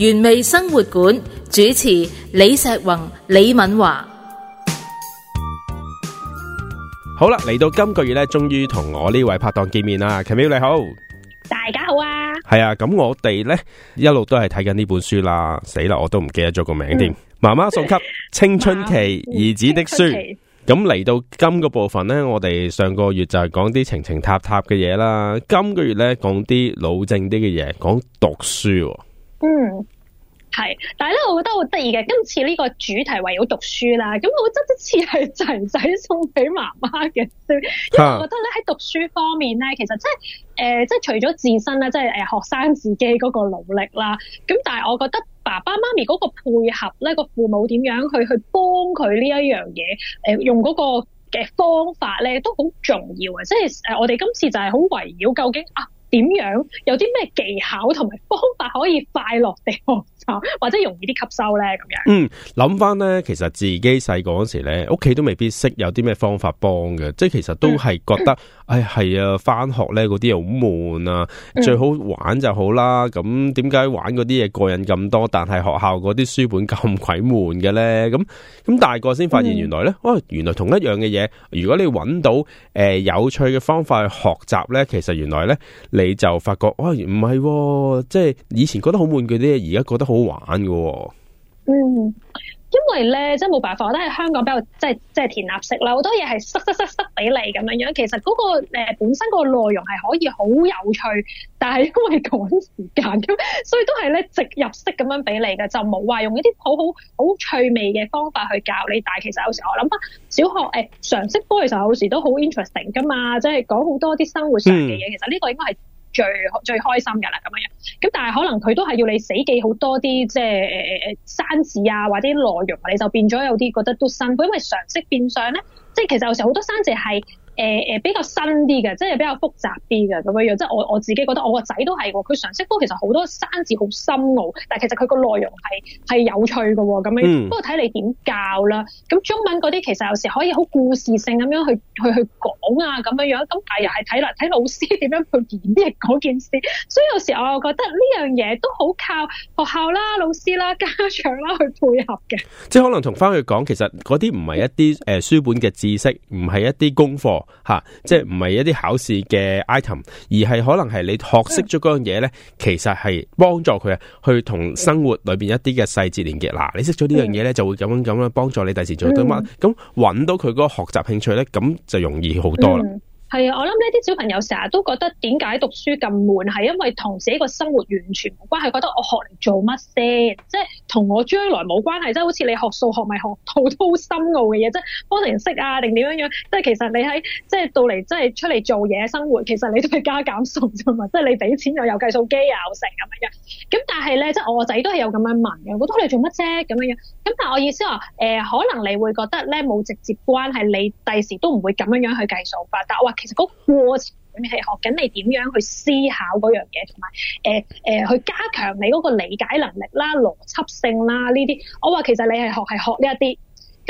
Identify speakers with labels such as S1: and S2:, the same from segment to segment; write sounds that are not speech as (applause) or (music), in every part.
S1: 原味生活館主持李碩宏、李敏華，
S2: 好啦，嚟到今個月咧，終於同我呢位拍檔見面啦 Kamila, 你好，
S1: 大家好啊，
S2: 係啊，咁我哋咧一路都係睇緊呢本書啦，死啦，我都唔記得咗個名添，嗯、媽媽送給青春期兒子 (laughs) 的書，咁嚟、嗯、到今個部分咧，我哋上個月就係講啲情情塔塔嘅嘢啦，今個月咧講啲老正啲嘅嘢，講讀書。
S1: 嗯，係，但係咧，我覺得好得意嘅。今次呢個主題圍繞讀書啦，咁我真係似係仔仔送俾媽媽嘅，因為我覺得咧，喺讀書方面咧，其實即係誒、呃，即係除咗自身咧，即係誒學生自己嗰個努力啦，咁但係我覺得爸爸媽咪嗰個配合咧，個父母點樣去去幫佢呢一樣嘢，誒用嗰個嘅方法咧，都好重要嘅。即係誒，我哋今次就係好圍繞究竟啊。點樣有啲咩技巧同埋方法可以快樂地學習，或者容易啲吸收呢？咁樣，
S2: 嗯，諗翻呢，其實自己細個嗰時呢，屋企都未必識有啲咩方法幫嘅，即係其實都係覺得。 (laughs) 誒，係、哎、啊，返學呢嗰啲好悶啊，最好玩就好啦。咁點解玩嗰啲嘢過癮咁多，但係學校嗰啲書本咁鬼悶嘅呢？咁咁大個先發現原來呢，嗯、哦，原來同一樣嘅嘢，如果你揾到誒、呃、有趣嘅方法去學習呢，其實原來呢，你就發覺，哇、哦，唔係、哦，即係以前覺得好悶嘅啲嘢，而家覺得好玩噶、哦。嗯。
S1: 因為咧，真係冇辦法，我覺得喺香港比較即係即係填鴨式啦，好多嘢係塞塞塞塞俾你咁樣樣。其實嗰、嗰個、呃、本身嗰個內容係可以好有趣，但係因為趕時間咁，所以都係咧直入式咁樣俾你嘅，就冇話用一啲好好好趣味嘅方法去教你。但係其實有時候我諗返，小學誒、欸、常識科其實有時都好 interesting 㗎嘛，即係講好多啲生活上嘅嘢。其實呢個應該係。最最開心㗎啦咁樣樣，咁但係可能佢都係要你死記好多啲即係誒誒誒生字啊，或者內容，你就變咗有啲覺得都辛苦，因為常識變相咧，即係其實有時候好多生字係。誒誒比較新啲嘅，即係比較複雜啲嘅咁樣樣，即係我我自己覺得我個仔都係喎，佢常識都其實好多生字好深奧，但係其實佢個內容係係有趣嘅喎，咁樣不過睇你點教啦。咁中文嗰啲其實有時可以好故事性咁樣去去去講啊咁樣樣，咁但又係睇嚟睇啦，睇老師點樣去演繹件事，所以有時我又覺得呢樣嘢都好靠學校啦、老師啦、家長啦去配合嘅。即
S2: 係可能同翻佢講，其實嗰啲唔係一啲誒書本嘅知識，唔係一啲功課。吓、啊，即係唔係一啲考試嘅 item，而係可能係你學識咗嗰樣嘢呢，其實係幫助佢啊，去同生活裏邊一啲嘅細節連結。嗱、啊，你識咗呢樣嘢呢，就會咁樣咁樣幫助你第時做得乜，咁揾、嗯、到佢嗰個學習興趣呢，咁就容易好多啦。嗯
S1: 係啊，我諗呢啲小朋友成日都覺得點解讀書咁悶，係因為同自己個生活完全冇關係，覺得我學嚟做乜先？即係同我將來冇關係，即係好似你學數學咪學好多深奧嘅嘢，即係方程式啊，定點樣樣？即係其實你喺即係到嚟即係出嚟做嘢生活，其實你都係加減數啫嘛，即係你俾錢又有計數機啊，成咁樣樣。咁但係咧，即係我個仔都係有咁樣問嘅，我學嚟做乜啫？咁樣樣。咁但係我意思話，誒、呃、可能你會覺得咧冇直接關係，你第時都唔會咁樣樣去計數法。但係我～其實個過程裡面係學緊你點樣去思考嗰樣嘢，同埋誒誒去加強你嗰個理解能力啦、邏輯性啦呢啲。我話其實你係學係學呢一啲，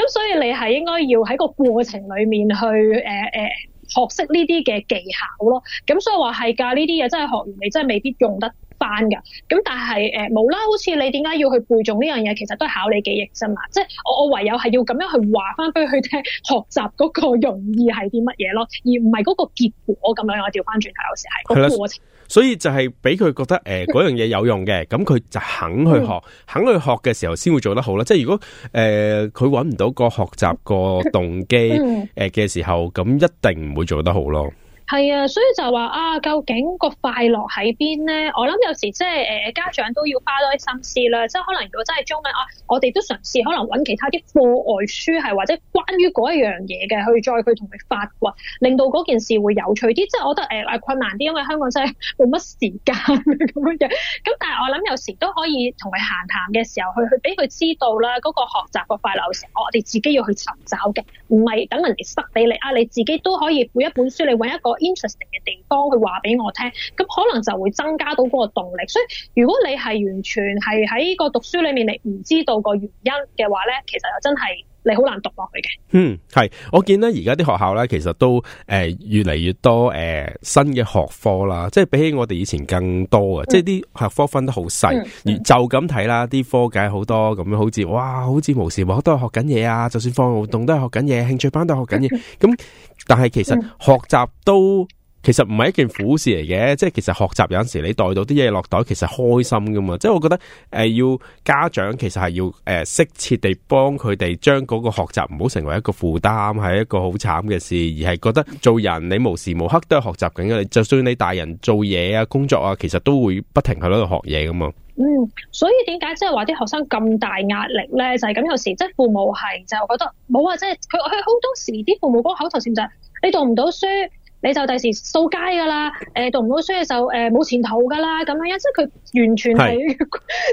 S1: 咁所以你係應該要喺個過程裡面去誒誒、呃呃、學識呢啲嘅技巧咯。咁所以話係㗎，呢啲嘢真係學完你真係未必用得。翻噶，咁但係誒冇啦，呃、好似你點解要去背誦呢樣嘢？其實都係考你記憶啫嘛。即係我我唯有係要咁樣去話翻俾佢聽，學習嗰個容易係啲乜嘢咯，而唔係嗰個結果咁樣。我調翻轉頭有時係嗰個過程。
S2: 所以就係俾佢覺得誒嗰、呃、樣嘢有用嘅，咁佢 (laughs) 就肯去學，肯去學嘅時候先會做得好啦。即係如果誒佢搵唔到個學習、嗰個動機誒嘅時候，咁一定唔會做得好咯。
S1: 係啊，所以就話啊，究竟個快樂喺邊咧？我諗有時即係誒家長都要花多啲心思啦。即係可能如果真係中文啊，我哋都嘗試可能揾其他啲課外書係或者關於嗰一樣嘢嘅，去再去同佢發掘，令到嗰件事會有趣啲。即係我覺得誒、呃呃、困難啲，因為香港真係冇乜時間咁樣樣。咁 (laughs) 但係我諗有時都可以同佢閒談嘅時候，去去俾佢知道啦，嗰個學習個快樂時、啊，我哋自己要去尋找嘅，唔係等人哋塞俾你啊。你自己都可以每一本書你揾一個 interesting 嘅地方去，佢話俾我聽，咁可能就會增加到嗰個動力。所以如果你係完全係喺個讀書裏面，你唔知道個原因嘅話咧，其實又真係。
S2: 你好難讀落去嘅。嗯，係，我見咧而家啲學校咧，其實都誒、呃、越嚟越多誒、呃、新嘅學科啦，即係比起我哋以前更多啊，嗯、即係啲學科分得好細，嗯嗯、而就咁睇啦，啲科計好多咁樣，好似哇，好似無時無刻，我都係學緊嘢啊，就算課外活動都係學緊嘢，興趣班都係學緊嘢，咁、嗯、但係其實學習都。其實唔係一件苦事嚟嘅，即係其實學習有陣時你袋到啲嘢落袋，其實開心噶嘛。即係我覺得誒、呃，要家長其實係要誒，適、呃、切地幫佢哋將嗰個學習唔好成為一個負擔，係一個好慘嘅事，而係覺得做人你無時無刻都係學習緊嘅。就算你大人做嘢啊、工作啊，其實都會不停喺度學嘢噶嘛。嗯，
S1: 所以點解即係話啲學生咁大壓力咧？就係、是、咁有時，即係父母係就覺得冇話、啊，即係佢佢好多時啲父母嗰個口頭禪就係、是、你讀唔到書。你就第時掃街㗎啦，誒讀唔到書就誒冇前途㗎啦，咁樣樣，即係佢完全係，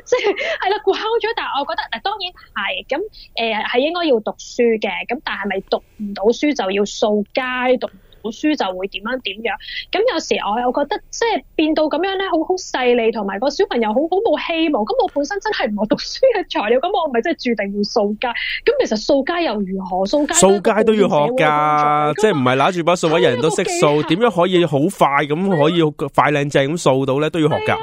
S1: 即係係啦，掛咗。 (laughs) 但係我覺得誒當然係，咁誒係應該要讀書嘅，咁但係咪讀唔到書就要掃街讀？本書就會點樣點樣，咁有時我又覺得即係變到咁樣咧，好好細膩，同埋個小朋友好好冇希望。咁我本身真係唔係讀書嘅材料，咁我咪真係注定要掃街。咁其實掃街又如何？掃街掃街都要學
S2: 噶，即係唔係拿住把掃位人人都識掃，點樣可以好快咁可以快靚正咁掃到咧都要學噶。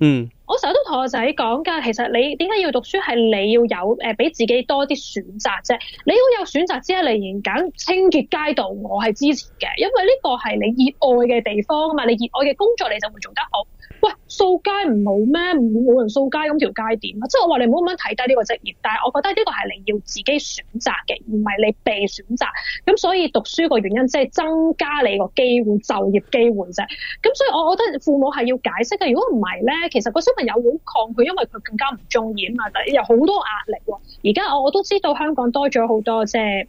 S2: 嗯。
S1: 我成日都同我仔講㗎，其實你點解要讀書係你要有誒俾、呃、自己多啲選擇啫。你如果有選擇之後嚟揀清潔街道，我係支持嘅，因為呢個係你熱愛嘅地方啊嘛。你熱愛嘅工作你就會做得好。喂。掃街唔好咩？唔會冇人掃街，咁條街點啊？即係我話你唔好咁樣睇低呢個職業，但係我覺得呢個係你要自己選擇嘅，唔係你被選擇。咁所以讀書個原因即係增加你個機會，就業機會啫。咁所以我覺得父母係要解釋嘅。如果唔係咧，其實個小朋友好抗拒，因為佢更加唔中意啊嘛。但係好多壓力。而家我我都知道香港多咗好多即係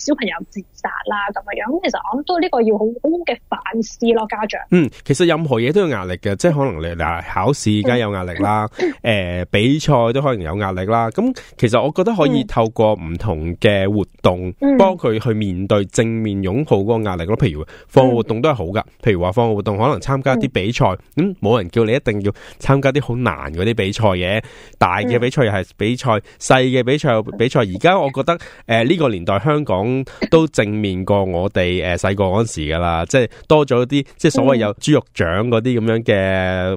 S1: 誒小朋友自殺啦，咁樣樣。其實我諗都呢個要好好嘅反思咯，家長。
S2: 嗯，其實任何嘢都有壓力嘅，即係可能你。考試而家有壓力啦，誒、呃、比賽都可能有壓力啦。咁其實我覺得可以透過唔同嘅活動、嗯、幫佢去面對正面擁抱嗰個壓力咯。譬如放學活動都係好噶，譬如話放學活動可能參加啲比賽，咁冇、嗯嗯、人叫你一定要參加啲好難嗰啲比賽嘅，大嘅比賽又係比賽，細嘅比賽又比賽。而家、嗯、我覺得誒呢、呃呢個年代香港都正面過我哋誒細個嗰陣時噶啦，即係多咗啲即係所謂有豬肉獎嗰啲咁樣嘅。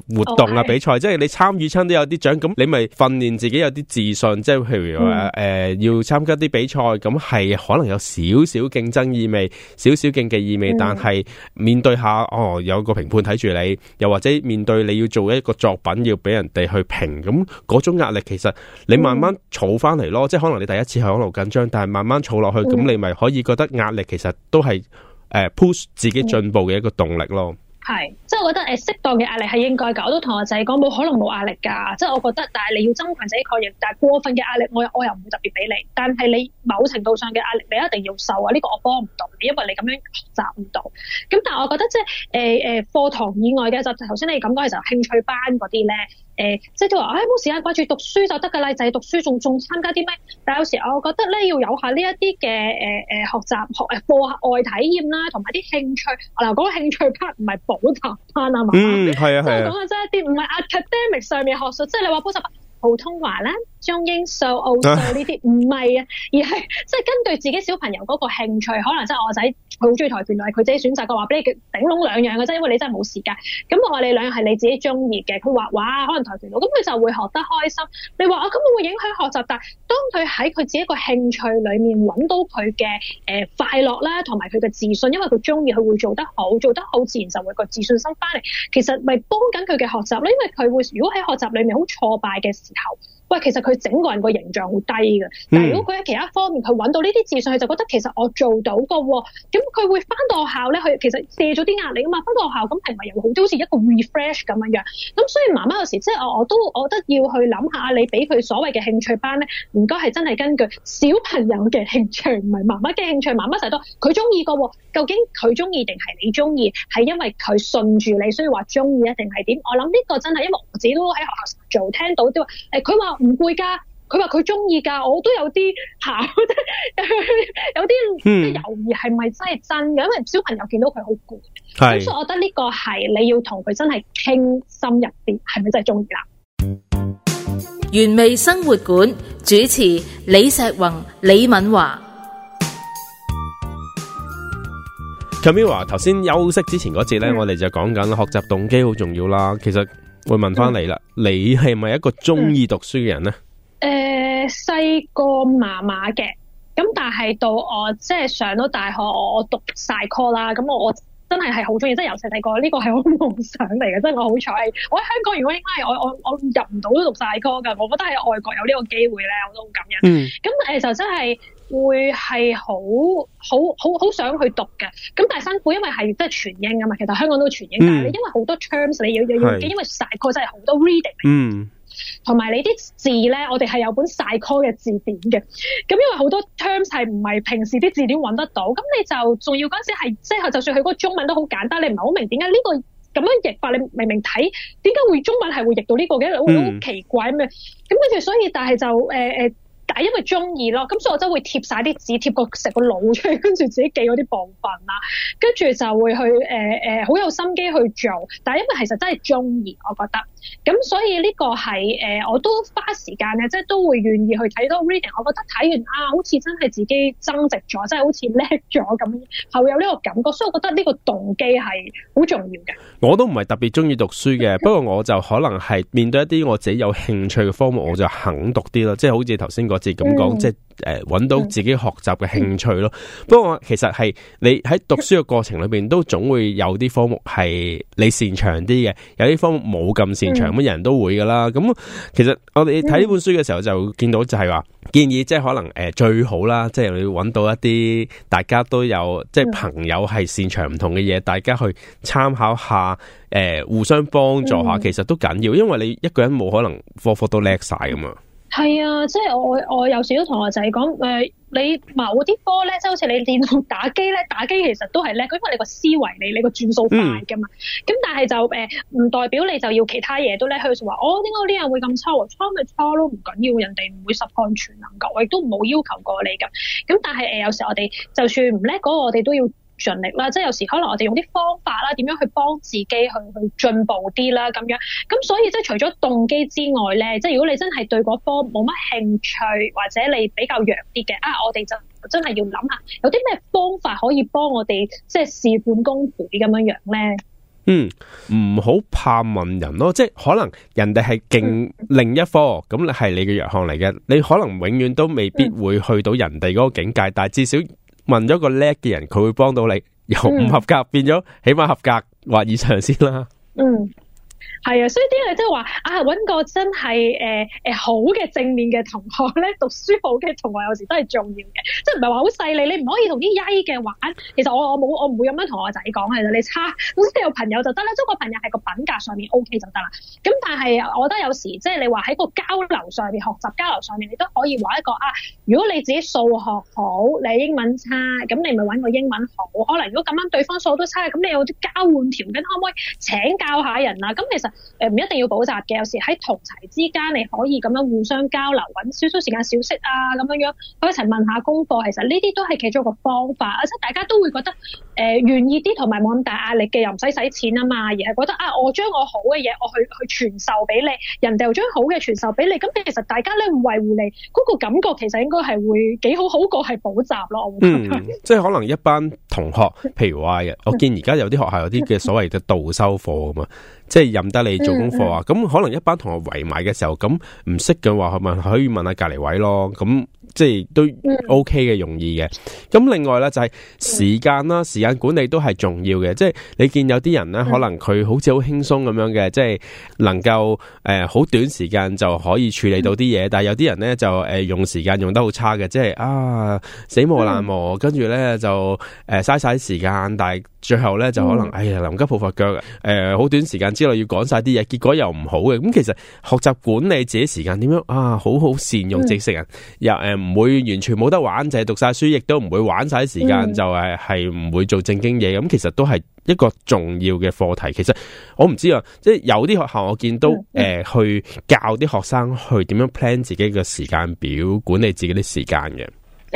S2: 嗯活動啊，比賽即係你參與親都有啲獎，咁你咪訓練自己有啲自信。即係譬如話誒、嗯呃，要參加啲比賽，咁係可能有少少競爭意味，少少競技意味。嗯、但係面對下哦，有個評判睇住你，又或者面對你要做一個作品要俾人哋去評，咁嗰種壓力其實你慢慢儲翻嚟咯。嗯、即係可能你第一次係一路緊張，但係慢慢儲落去，咁你咪可以覺得壓力其實都係誒 push 自己進步嘅一個動力咯。嗯嗯
S1: 係，即係我覺得誒、欸、適當嘅壓力係應該㗎，我都同我仔講冇可能冇壓力㗎，即係我覺得，但係你要增強自己嘅確認，但係過分嘅壓力，我我又唔會特別俾你。但係你某程度上嘅壓力，你一定要受啊！呢、這個我幫唔到你，因為你咁樣學習唔到。咁但係我覺得即係誒誒課堂以外嘅，就頭先你咁講嘅時候興趣班嗰啲咧。誒、呃，即係佢話，唉、哎，冇時間掛住讀書就得㗎啦，就係、是、讀書，仲仲參加啲咩？但係有時我覺得咧，要有下呢一啲嘅誒誒學習學誒課外體驗啦，同埋啲興趣嗱，嗰個興趣班唔係補習班啊嘛。嗯，係啊，即係講緊即係一啲唔係 academic 上面學術，即、就、係、是、你話補習普通話咧、中英、數奧數呢啲，唔係啊，而係即係根據自己小朋友嗰個興趣，可能即係我仔。佢好中意跆拳道，係佢自己選擇。佢話俾你頂籠兩樣嘅啫，因為你真係冇時間。咁我話你兩樣係你自己中意嘅。佢話哇，可能跆拳道咁，佢就會學得開心。你話我咁，我、啊、會影響學習。但係當佢喺佢自己一個興趣裏面揾到佢嘅誒快樂啦，同埋佢嘅自信，因為佢中意，佢會做得好，做得好自然就會個自信心翻嚟。其實咪幫緊佢嘅學習囉，因為佢會如果喺學習裏面好挫敗嘅時候。喂，其實佢整個人個形象好低嘅。嗯、但係如果佢喺其他方面，佢揾到呢啲自信，佢就覺得其實我做到㗎喎。咁佢會翻到學校咧，佢其實卸咗啲壓力啊嘛。翻到學校咁，係咪又好似一個 refresh 咁樣樣。咁所以媽媽有時即係我我都覺得要去諗下，你俾佢所謂嘅興趣班咧，唔該係真係根據小朋友嘅興趣，唔係媽媽嘅興趣。媽媽成日都佢中意個喎，究竟佢中意定係你中意？係因為佢順住你，所以話中意啊，定係點？我諗呢個真係，因為我自己都喺學校做聽到啲話，誒佢話。唔攰噶，佢話佢中意噶，我都有啲考，有啲猶豫係咪真係真嘅？因為小朋友見到佢好攰，所以我覺得呢個係你要同佢真係傾深入啲，係咪真係中意啦？原味生活館主持李碩宏、李敏華、
S2: Jamila，頭先休息之前嗰節咧，我哋就講緊學習動機好重要啦。其實。會問翻你啦，你係咪一個中意讀書嘅人咧？
S1: 誒、嗯，細個麻麻嘅，咁但係到我即係上到大學，我讀晒科啦。咁我我真係係好中意，即係由細細個呢個係我夢想嚟嘅。即係我好彩，我喺香港如果應該我我我入唔到都讀晒科噶。我覺得喺外國有呢個機會咧，我都好感恩。咁誒，就真係。會係好好好好想去讀嘅，咁但係辛苦，因為係都係全英㗎嘛。其實香港都係全英，嗯、但係你因為好多 terms 你要要要是因為晒科真係好多 reading。嗯，同埋你啲字咧，我哋係有本晒科嘅字典嘅。咁因為好多 terms 係唔係平時啲字典揾得到，咁你就仲要嗰陣時係即係就算佢嗰個中文都好簡單，你唔係好明點解呢個咁樣譯法，你明明睇點解會中文係會譯到呢、這個嘅，好好奇怪咁樣。咁跟住所以，但係就誒誒。呃呃係因為中意咯，咁所以我就會貼晒啲紙貼個成個腦出嚟，跟住自己記嗰啲部分啦，跟住就會去誒誒好有心機去做。但係因為其實真係中意，我覺得咁，所以呢個係誒、呃、我都花時間咧，即係都會願意去睇多個 reading。我覺得睇完啊，好似真係自己增值咗，真係好似叻咗咁，係會有呢個感覺。所以我覺得呢個動機係好重要嘅。
S2: 我都唔係特別中意讀書嘅， (laughs) 不過我就可能係面對一啲我自己有興趣嘅科目，我就肯讀啲咯。即係好似頭先嗯、即係咁講，即係誒，揾到自己學習嘅興趣咯。不過其實係你喺讀書嘅過程裏邊，都總會有啲科目係你擅長啲嘅，有啲科目冇咁擅長，咁、嗯、人都會噶啦。咁、嗯嗯、其實我哋睇呢本書嘅時候，就見到就係話建議，即係可能誒、呃、最好啦，即係你要揾到一啲大家都有，即、就、係、是、朋友係擅長唔同嘅嘢，嗯、大家去參考下，誒、呃、互相幫助下，其實都緊要，因為你一個人冇可能科科都叻晒噶嘛。
S1: 係啊，即係我我有時都同我仔講，誒、呃，你某啲科咧，即係好似你練打機咧，打機其實都係叻，因為你個思維你你個轉數快噶嘛。咁、嗯、但係就誒，唔、呃、代表你就要其他嘢都叻。佢就話哦，點解我啲人會咁粗？粗咪粗咯，唔緊要，人哋唔會十項全能噶，我亦都冇要求過你噶。咁但係誒、呃，有時我哋就算唔叻嗰個，我哋都要。盡力啦，即係有時可能我哋用啲方法啦，點樣去幫自己去去進步啲啦，咁樣咁所以即係除咗動機之外咧，即係如果你真係對嗰科冇乜興趣或者你比較弱啲嘅，啊我哋就真係要諗下有啲咩方法可以幫我哋即係事半功倍啲咁樣樣咧。嗯，
S2: 唔好怕問人咯，即係可能人哋係勁另一科，咁、嗯、你係你嘅弱項嚟嘅，你可能永遠都未必會去到人哋嗰個境界，嗯、但係至少。問咗個叻嘅人，佢會幫到你，由唔合格變咗起碼合格或以上先啦。嗯。
S1: 係啊，所以啲嘢即係話啊，揾個真係誒誒好嘅正面嘅同學咧，讀書好嘅同學有時都係重要嘅，即係唔係話好細膩？你唔可以同啲曳嘅玩。其實我我冇我唔會咁樣同我仔講其實你差，咁你有朋友就得啦。即係個朋友係個品格上面 OK 就得啦。咁但係我覺得有時即係你話喺個交流上面學習交流上面，你都可以話一個啊。如果你自己數學好，你英文差，咁你咪揾個英文好。可能如果咁樣對方數都差，咁你有啲交換條件，可唔可以請教下人啊？咁其實。誒，唔一定要補習嘅，有時喺同齊之間，你可以咁樣互相交流，揾少少時間小息啊，咁樣樣去一齊問下功課。其實呢啲都係其中一個方法，即係大家都會覺得誒願意啲，同埋冇咁大壓力嘅，又唔使使錢啊嘛，而係覺得啊，我將我好嘅嘢，我去去傳授俾你，人哋又將好嘅傳授俾你。咁其實大家咧，唔維護你嗰個感覺，其實應該係會幾好，好過係補習咯。我，我嗯，呵呵呵
S2: 即係可能一班同學，譬如話，我見而家有啲學校有啲嘅所謂嘅導修課啊嘛。 (laughs) (laughs) 即係任得你做功課啊！咁可能一班同學圍埋嘅時候，咁唔識嘅話，係咪可以問下隔籬位咯？咁即係都 OK 嘅，容易嘅。咁另外咧就係時間啦，時間管理都係重要嘅。即係你見有啲人咧，可能佢好似好輕鬆咁樣嘅，即係、嗯、能夠誒好、呃、短時間就可以處理到啲嘢。嗯、但係有啲人咧就誒用時間用得好差嘅，即係啊死磨爛磨，跟住咧就誒嘥晒時間，但係最後咧就可能、嗯、哎呀，臨急抱佛腳誒，好、呃、短時間。之內要講晒啲嘢，結果又唔好嘅。咁其實學習管理自己時間點樣啊，好好善用，直、嗯、成人又誒唔會完全冇得玩，就係讀晒書，亦都唔會玩晒啲時間，嗯、就係係唔會做正經嘢。咁其實都係一個重要嘅課題。其實我唔知啊，即係有啲學校我見到誒、嗯嗯呃，去教啲學生去點樣 plan 自己嘅時間表，管理自己啲時間嘅。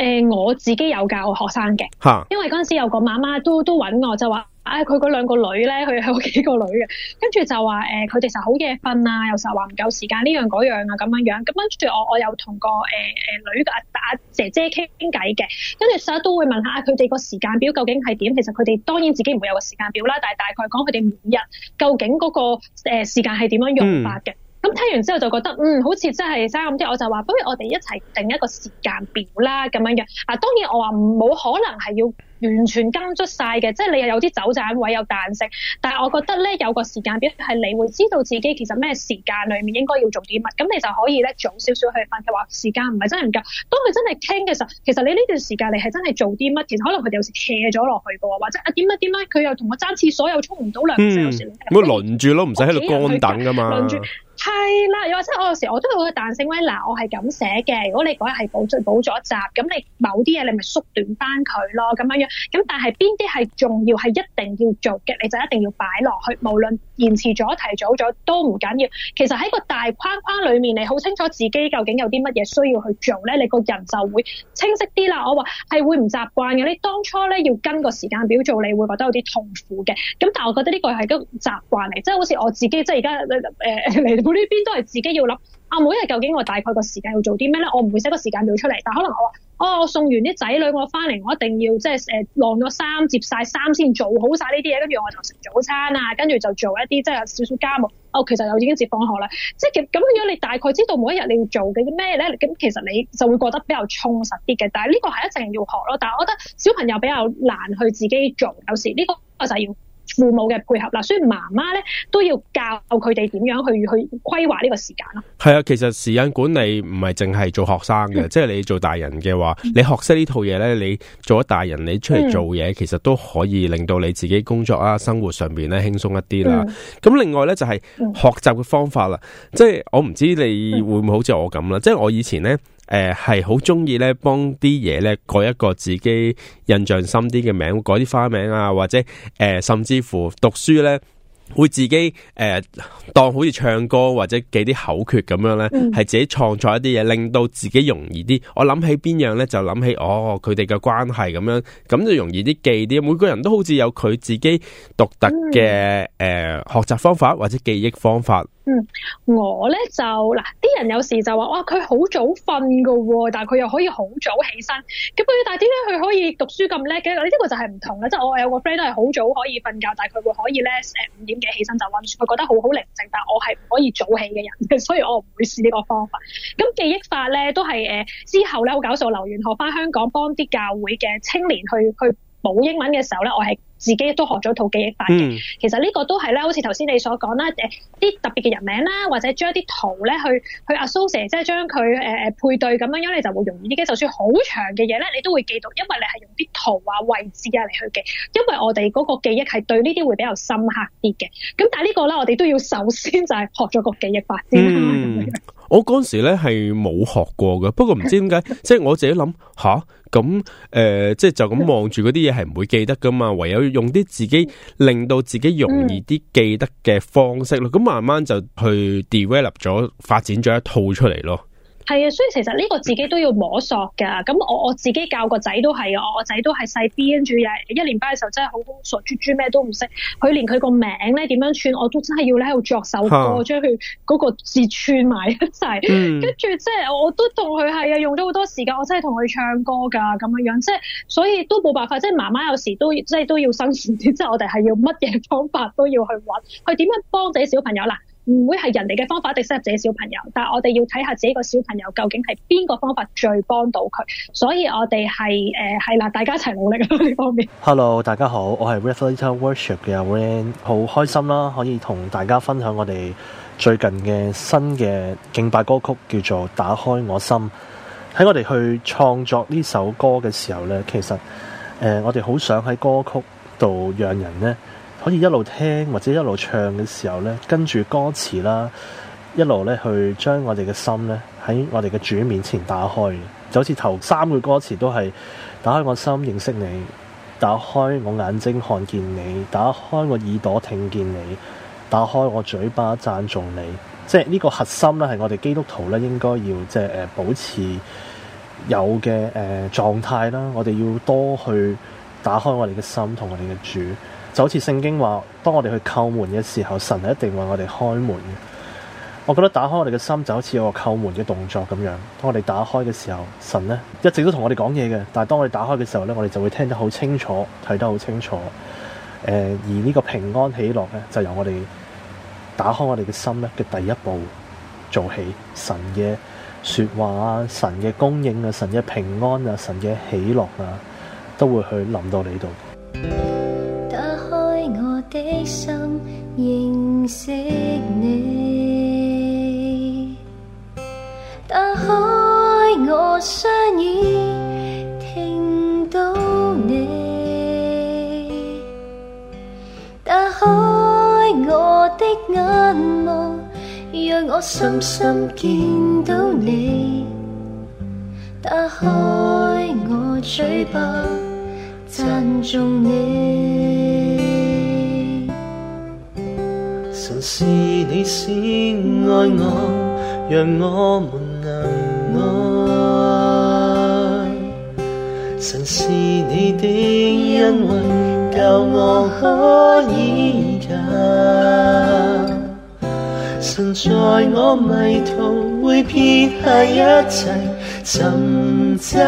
S1: 誒、呃、我自己有教學生嘅，因為嗰陣時有個媽媽都都揾我，就話，啊佢嗰兩個女咧，佢有幾個女嘅，跟住就話誒，佢哋成日好夜瞓啊，有時候話唔夠時間呢樣嗰樣啊，咁樣樣。咁跟住我，我又同個誒誒、呃、女嘅阿阿姐姐傾偈嘅，跟住成日都會問下佢哋個時間表究竟係點？其實佢哋當然自己唔會有個時間表啦，但係大概講佢哋每日究竟嗰、那個誒、呃、時間係點樣用法嘅。嗯咁聽完之後，就覺得嗯，好似真係差咁啲，我就話不如我哋一齊定一個時間表啦，咁樣嘅，嗱、啊。當然我話冇可能係要完全跟足晒嘅，即係你又有啲走盞位，有彈性。但係我覺得咧，有個時間表係你會知道自己其實咩時間裏面應該要做啲乜，咁你就可以咧早少少去瞓。佢話時間唔係真係唔夠，當佢真係傾嘅時候，其實你呢段時間你係真係做啲乜嘢，其實，可能佢哋有時斜咗落去噶，或者啊點啊點啊，佢、啊、又同我爭廁所又沖唔到涼，有時
S2: 咁樣，輪住咯，唔使喺度乾等噶嘛。
S1: 係啦，又或者我有時我都會彈性威嗱、啊，我係咁寫嘅。如果你嗰日係補咗補咗一集，咁你某啲嘢你咪縮短翻佢咯，咁樣樣。咁但係邊啲係重要係一定要做嘅，你就一定要擺落去。無論延遲咗、提早咗都唔緊要。其實喺個大框框裡面你好清楚自己究竟有啲乜嘢需要去做咧，你個人就會清晰啲啦。我話係會唔習慣嘅，你當初咧要跟個時間表做，你會覺得有啲痛苦嘅。咁但係我覺得呢個係一個習慣嚟，即係好似我自己即係而家誒呢邊都係自己要諗，啊每一日究竟我大概個時間要做啲咩咧？我唔會寫個時間表出嚟，但可能我話，哦我送完啲仔女我翻嚟，我一定要即係誒晾咗衫，接晒衫先做好晒呢啲嘢，跟住我就食早餐啊，跟住就做一啲即係少少家務。哦，其實又已經接放學啦，即係咁樣你大概知道每一日你要做嘅啲咩咧？咁其實你就會覺得比較充實啲嘅。但係呢個係一定要學咯，但係我覺得小朋友比較難去自己做，有時呢個就係要。父母嘅配合啦，所以媽媽咧都要教佢哋點樣去去規劃
S2: 呢個時間咯。係啊， (noise) (noise) 其實時間管理唔係淨係做學生嘅，嗯、即係你做大人嘅話，嗯、你學識呢套嘢咧，你做咗大人，你出嚟做嘢，嗯、其實都可以令到你自己工作啊，生活上邊咧輕鬆一啲啦。咁、嗯、另外咧就係、是、學習嘅方法啦、嗯嗯，即係我唔知你會唔會好似我咁啦，即係我以前咧。誒，係好中意咧，幫啲嘢，咧改一個自己印象深啲嘅名，改啲花名啊，或者誒、呃，甚至乎讀書咧，會自己誒、呃、當好似唱歌或者記啲口訣咁樣咧，係、嗯、自己創作一啲嘢，令到自己容易啲。我諗起邊樣咧，就諗起哦，佢哋嘅關係咁樣，咁就容易啲記啲。每個人都好似有佢自己獨特嘅誒學習方法或者記憶方法。
S1: 嗯，我咧就嗱，啲人有時就話哇，佢好早瞓噶喎，但係佢又可以好早起身，咁佢但係點解佢可以讀書咁叻嘅？呢個就係唔同啦。即係我有個 friend 都係好早可以瞓覺，但係佢會可以咧誒五點幾起身就溫書，佢覺得好好寧靜。但係我係唔可以早起嘅人，所以我唔會試呢個方法。咁記憶法咧都係誒，之後咧，好搞笑，留完學翻香港幫啲教會嘅青年去去補英文嘅時候咧，我係。自己都學咗套記憶法嘅，其實呢個都係咧，好似頭先你所講咧，誒、呃、啲特別嘅人名啦，或者將啲圖咧去去 associate 即係將佢誒誒配對咁樣樣，你就會容易啲嘅。就算好長嘅嘢咧，你都會記到，因為你係用啲圖啊、位置啊嚟去記，因為我哋嗰個記憶係對呢啲會比較深刻啲嘅。咁但係呢個咧，我哋都要首先就係學咗個記憶法先 (laughs) (laughs)
S2: 我嗰時咧係冇學過嘅，不過唔知點解，即係我自己諗吓咁誒，即係就咁望住嗰啲嘢，係唔會記得噶嘛，唯有用啲自己令到自己容易啲記得嘅方式咯，咁慢慢就去 develop 咗發展咗一套出嚟咯。
S1: 係啊，所以其實呢個自己都要摸索噶。咁我我自己教個仔都係啊，我仔都係細 B，跟住又一年班嘅時候真係好傻豬豬，咩都唔識。佢連佢個名咧點樣串，我都真係要咧喺度作首歌、啊、將佢嗰個字串埋一齊。跟住即係我都同佢係啊用咗好多時間，我真係同佢唱歌噶咁樣樣。即係所以都冇辦法，即係媽媽有時都即係都要生存啲。即係我哋係要乜嘢方法都要去揾，去點樣幫自己小朋友嗱。唔會係人哋嘅方法嚟塞入自己小朋友，但係我哋要睇下自己個小朋友究竟係邊個方法最幫到佢，所以我哋係誒係啦，大家一齊努力咯呢方
S3: 面。Hello，大家好，我係 Reflector Worship 嘅 Wen，好開心啦，可以同大家分享我哋最近嘅新嘅敬拜歌曲，叫做《打開我心》。喺我哋去創作呢首歌嘅時候呢，其實誒、呃、我哋好想喺歌曲度讓人咧。可以一路聽或者一路唱嘅時候咧，跟住歌詞啦，一路咧去將我哋嘅心咧喺我哋嘅主面前打開，就好似頭三個歌詞都係打開我心認識你，打開我眼睛看見你，打開我耳朵聽見你，打開我嘴巴讚頌你。即係呢個核心咧，係我哋基督徒咧應該要即係誒保持有嘅誒狀態啦。我哋要多去打開我哋嘅心同我哋嘅主。就好似聖經話，當我哋去叩門嘅時候，神係一定為我哋開門。我覺得打開我哋嘅心就好似有個叩門嘅動作咁樣。當我哋打開嘅時候，神咧一直都同我哋講嘢嘅。但係當我哋打開嘅時候呢，我哋就會聽得好清楚，睇得好清楚。呃，而呢個平安喜樂呢，就由我哋打開我哋嘅心咧嘅第一步做起。神嘅說話啊，神嘅供應啊，神嘅平安啊，神嘅喜樂啊，都會去臨到你度。的心認識你，打開我雙耳聽到你，打開我的眼眸，讓我深深見到你，打開我嘴巴讚頌你。神是你先愛我，讓我們能愛。神是你的恩惠，教我可以忍。神在我迷途會撇下一切尋找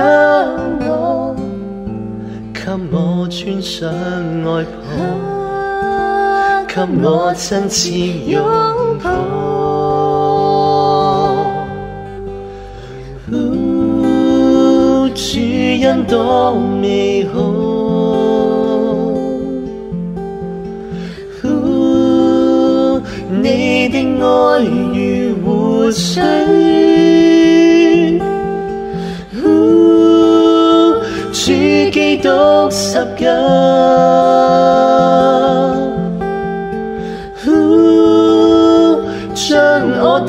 S3: 我，給我穿上外袍。給我親切擁抱。哦、主恩多美好，哦。你的愛如湖水，哦。主基督十架。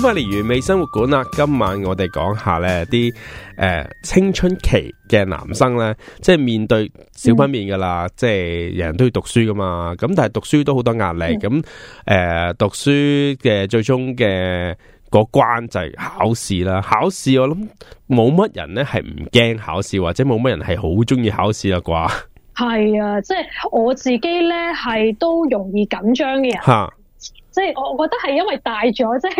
S2: 翻返嚟完美生活館啦，今晚我哋講下咧啲誒青春期嘅男生咧，即係面對小品面噶啦，嗯、即係人人都要讀書噶嘛，咁但係讀書都好多壓力，咁誒、嗯呃、讀書嘅最終嘅個關就係考試啦。考試我諗冇乜人咧係唔驚考試，或者冇乜人係好中意考試啊啩。
S1: 係啊，即係我自己咧係都容易緊張嘅人。 (laughs) 即係我覺得係因為大咗，即係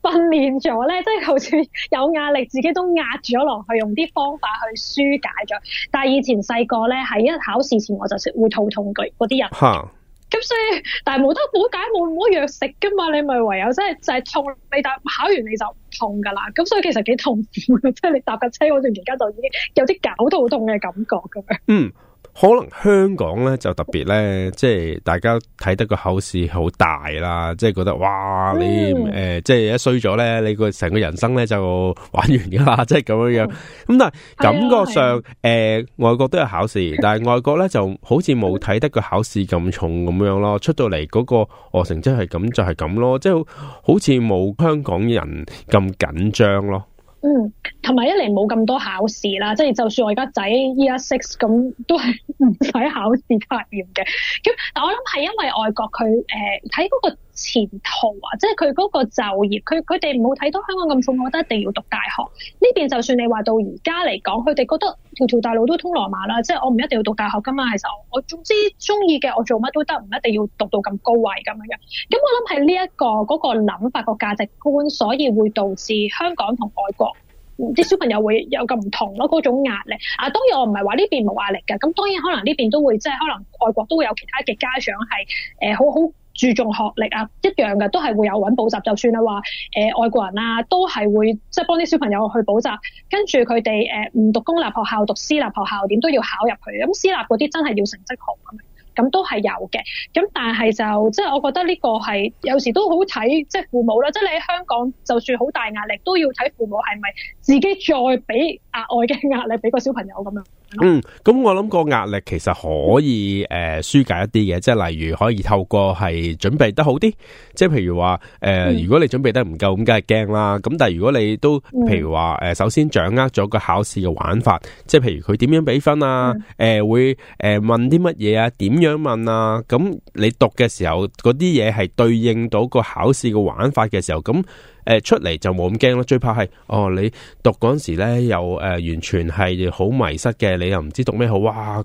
S1: 訓練咗咧，即係好似有壓力，自己都壓住咗落去，用啲方法去舒解咗。但係以前細個咧，係一考試前我就會肚痛佢嗰啲人。嚇！咁所以，但係冇得補解，冇冇藥食㗎嘛？你咪唯有即係就係痛你，但考完你就唔痛㗎啦。咁所以其實幾痛苦即係你搭架車嗰陣，而家就已經有啲攪肚痛嘅感覺咁樣。嗯。
S2: 可能香港咧就特別咧，即係大家睇得個考試好大啦，即係覺得哇你誒、呃，即係一衰咗咧，你個成個人生咧就玩完噶啦，即係咁樣樣。咁但係感覺上誒、嗯呃，外國都有考試，但係外國咧就好似冇睇得個考試咁重咁樣咯。出到嚟嗰個我成績係咁就係咁、就是、咯，即係好似冇香港人咁緊張咯。嗯。
S1: 同埋一嚟冇咁多考試啦，即係就算我而家仔 year six 咁，都係唔使考試畢業嘅。咁但我諗係因為外國佢誒睇嗰個前途啊，即係佢嗰個就業，佢佢哋唔好睇到香港咁重，我覺得一定要讀大學。呢邊就算你話到而家嚟講，佢哋覺得條條大路都通羅馬啦，即係我唔一定要讀大學㗎嘛。其實我總之中意嘅，我做乜都得，唔一定要讀到咁高位咁樣嘅。咁、嗯、我諗係呢一個嗰、嗰個諗法個價值觀，所以會導致香港同外國啲小朋友會有咁唔同咯，嗰種壓力。啊，當然我唔係話呢邊冇壓力嘅，咁當然可能呢邊都會即係可能外國都會有其他嘅家長係誒好好注重學歷啊，一樣嘅都係會有揾補習就算啦，話誒外國人啊都係會即係幫啲小朋友去補習，跟住佢哋誒唔讀公立學校讀私立學校點都要考入去，咁私立嗰啲真係要成績好啊。咁都係有嘅，咁但係就即係我覺得呢個係有時都好睇，即係父母啦。即係你喺香港就算好大壓力，都要睇父母係咪自己再俾額外嘅壓力俾個小朋友咁樣。
S2: 嗯，咁我諗個壓力其實可以誒紓、呃、解一啲嘅，即係例如可以透過係準備得好啲，即係譬如話誒、呃，如果你準備得唔夠咁，梗係驚啦。咁但係如果你都譬如話誒、呃，首先掌握咗個考試嘅玩法，即係譬如佢點樣俾分啊，誒、呃、會誒、呃、問啲乜嘢啊，點樣問啊，咁你讀嘅時候嗰啲嘢係對應到個考試嘅玩法嘅時候，咁。誒，出嚟就冇咁驚咯，最怕係哦，你讀嗰時咧，又、呃、誒完全係好迷失嘅，你又唔知讀咩好，哇，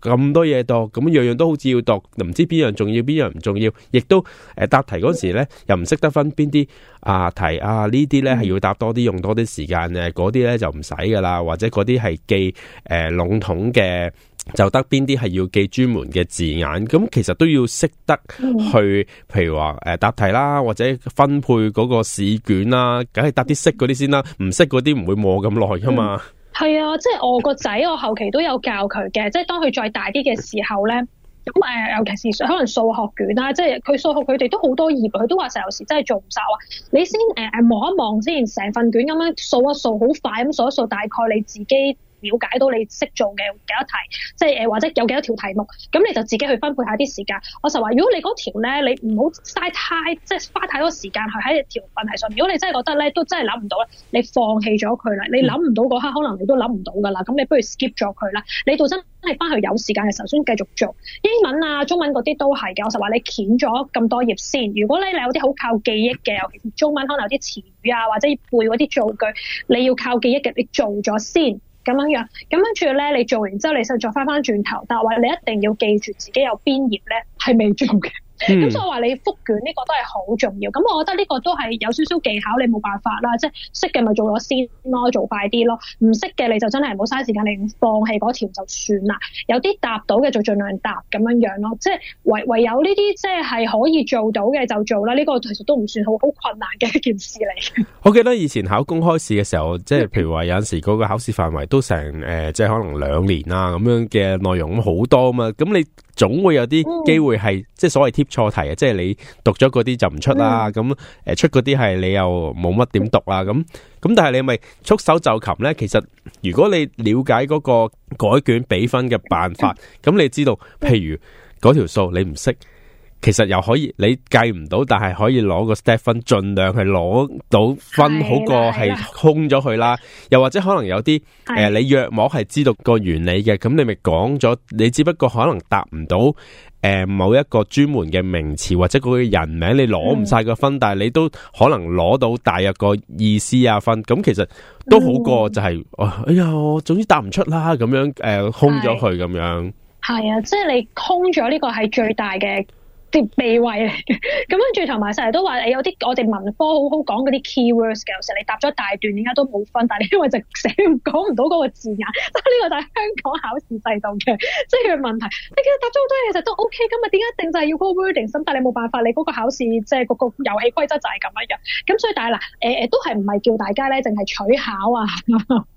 S2: 咁多嘢讀，咁樣樣都好似要讀，又唔知邊樣重要邊樣唔重要，亦都誒、呃、答題嗰時咧，又唔識得分邊啲啊題啊呢啲咧係要答多啲用多啲時間嘅，嗰啲咧就唔使噶啦，或者嗰啲係記誒、呃、籠統嘅。就得邊啲係要記專門嘅字眼，咁其實都要識得去，譬如話誒、呃、答題啦，或者分配嗰個試卷啦，梗係答啲識嗰啲先啦，唔識嗰啲唔會磨咁耐噶嘛。
S1: 係、嗯、啊，即係我個仔，我後期都有教佢嘅，即係當佢再大啲嘅時候咧，咁、嗯、誒，尤其是可能數學卷啦，即係佢數學佢哋都好多頁，佢都話成有時真係做唔晒喎。你先誒、呃、望一望先，成份卷咁樣數一數快，好快咁數一數，大概你自己，了解到你識做嘅幾多題，即係誒或者有幾多條題目，咁你就自己去分配下啲時間。我就話，如果你嗰條咧，你唔好嘥太即係、就是、花太多時間去喺條問題上。如果你真係覺得咧，都真係諗唔到咧，你放棄咗佢啦。你諗唔到嗰刻，可能你都諗唔到噶啦。咁你不如 skip 咗佢啦。你到真係翻去有時間嘅時候，先繼續做英文啊、中文嗰啲都係嘅。我就話，你鉛咗咁多頁先。如果你有啲好靠記憶嘅，尤其中文，可能有啲詞語啊或者背嗰啲造句，你要靠記憶嘅，你做咗先。咁樣樣，咁跟住咧，你做完之後，你想再翻翻轉頭，但係話你一定要記住自己有邊頁咧係未做嘅。咁、嗯、所以話你複卷呢個都係好重要，咁我覺得呢個都係有少少技巧，你冇辦法啦，即係識嘅咪做咗先咯，做快啲咯，唔識嘅你就真係唔好嘥時間，你唔放棄嗰條就算啦，有啲答到嘅就盡量答咁樣樣咯，即係唯唯有呢啲即係係可以做到嘅就做啦，呢、呢個其實都唔算好好困難嘅一件事嚟。
S2: 我記得以前考公開試嘅時候，即係譬如話有陣時嗰個考試範圍都成誒、呃，即係可能兩年啦、啊、咁樣嘅內容咁好多啊嘛，咁你。總會有啲機會係即係所謂貼錯題啊！即係你讀咗嗰啲就唔出啦，咁誒出嗰啲係你又冇乜點讀喇。咁咁但係你咪束手就擒咧？其實如果你了解嗰個改卷比分嘅辦法，咁你知道譬如嗰條數你唔識。其實又可以你計唔到，但係可以攞個 step 分，盡量係攞到分，好過係空咗佢啦。又或者可能有啲誒，你約莫係知道個原理嘅，咁你咪講咗。你只不過可能答唔到誒、呃、某一個專門嘅名詞或者嗰個人名，你攞唔晒個分，但係你都可能攞到大約個意思啊分。咁其實都好過就係，哎呀，我總之答唔出啦，呃，咁樣誒空咗佢咁樣。
S1: 係啊，即係你空咗呢個係最大嘅。啲避位嚟嘅，咁跟住，同埋成日都話誒，有啲我哋文科好好講嗰啲 key words 嘅，有時候你答咗大段，點解都冇分？但係你因為就成日講唔到嗰個字眼，即係呢個就係香港考試制度嘅即係佢問題。你其實答咗好多嘢，其實都 OK 噶嘛？點解一定就係要嗰個 wording 心？但係你冇辦法，你嗰個考試即係嗰個遊戲規則就係咁樣嘅。咁所以但係嗱，誒、呃、誒都係唔係叫大家咧，淨係取巧啊？ (laughs)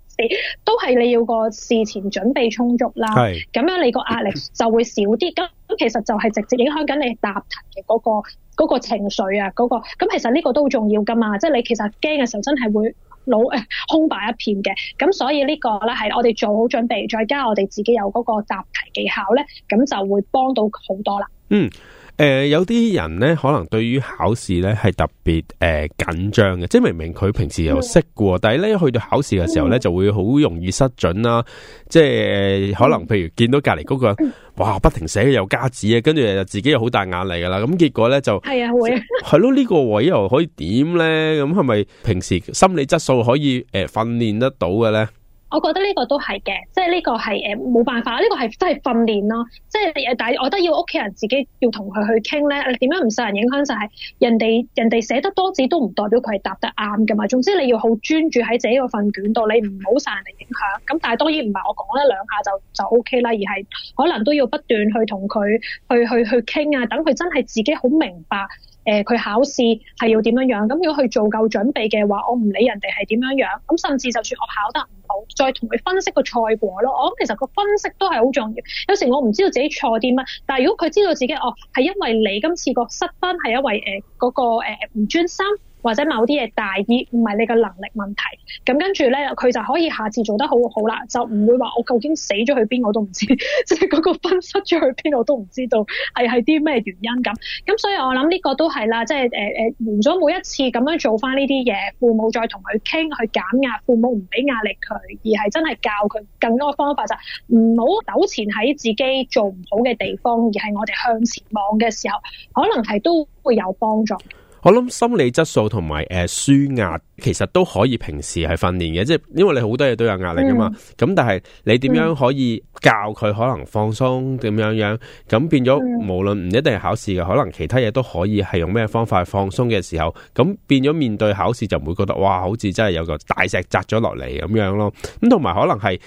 S1: 都係你要個事前準備充足啦，咁是樣你個壓力就會少啲。咁其實就係直接影響緊你答題嘅嗰、嗰個、嗰個情緒啊，嗰個咁其實呢個都好重要噶嘛？即係你其實驚嘅時候真係會腦誒、呃、空白一片嘅，咁所以呢個咧係我哋做好準備，再加我哋自己有嗰個答題技巧咧，咁就會幫到好多啦。嗯。
S2: 誒、呃，有啲人咧，可能對於考試咧係特別誒緊張嘅，即係明明佢平時又識嘅，但係咧去到考試嘅時候咧，就會好容易失準啦。即係、呃、可能譬如見到隔籬嗰個人，哇，不停寫又加紙啊，跟住自己又好大壓力噶啦。咁、嗯、結果咧就係啊會啊，係咯，呢個位又可以點咧？咁係咪平時心理質素可以誒訓練得到嘅咧？
S1: 我覺得呢個都係嘅，即係呢個係誒冇辦法，呢、這個係真係訓練咯。即係但係我覺得要屋企人自己要同佢去傾咧，點樣唔受人影響就係、是、人哋人哋寫得多字都唔代表佢係答得啱噶嘛。總之你要好專注喺自己嗰份卷度，你唔好受人哋影響。咁但係當然唔係我講一兩下就就 OK 啦，而係可能都要不斷去同佢去去去傾啊，等佢真係自己好明白誒。佢、呃、考試係要點樣樣咁？如果佢做夠準備嘅話，我唔理人哋係點樣樣咁，甚至就算我考得。再同佢分析個賽果咯，我諗其實個分析都係好重要。有時我唔知道自己錯啲乜，但係如果佢知道自己哦係因為你今次個失分係因為誒嗰個誒唔專心。或者某啲嘢大啲，唔係你嘅能力問題。咁跟住咧，佢就可以下次做得好好啦，就唔會話我究竟死咗去邊我都唔知，即係嗰個分失咗去邊我都唔知道，係，係啲咩原因咁。咁所以我諗呢個都係啦，即係誒誒，換、呃、咗、呃、每一次咁樣做翻呢啲嘢，父母再同佢傾去減壓，父母唔俾壓力佢，而係真係教佢更多方法，就唔好糾纏喺自己做唔好嘅地方，而係我哋向前望嘅時候，可能係都會有幫助。
S2: 我諗心理質素同埋誒舒壓，呃、壓其實都可以平時係訓練嘅，即係因為你好多嘢都有壓力噶嘛，咁、嗯、但係你點樣可以，教佢可能放鬆點樣樣，咁變咗無論唔一定係考試嘅，可能其他嘢都可以係用咩方法去放鬆嘅時候，咁變咗面對考試就唔會覺得哇，好似真係有個大石砸咗落嚟咁樣咯。咁同埋可能係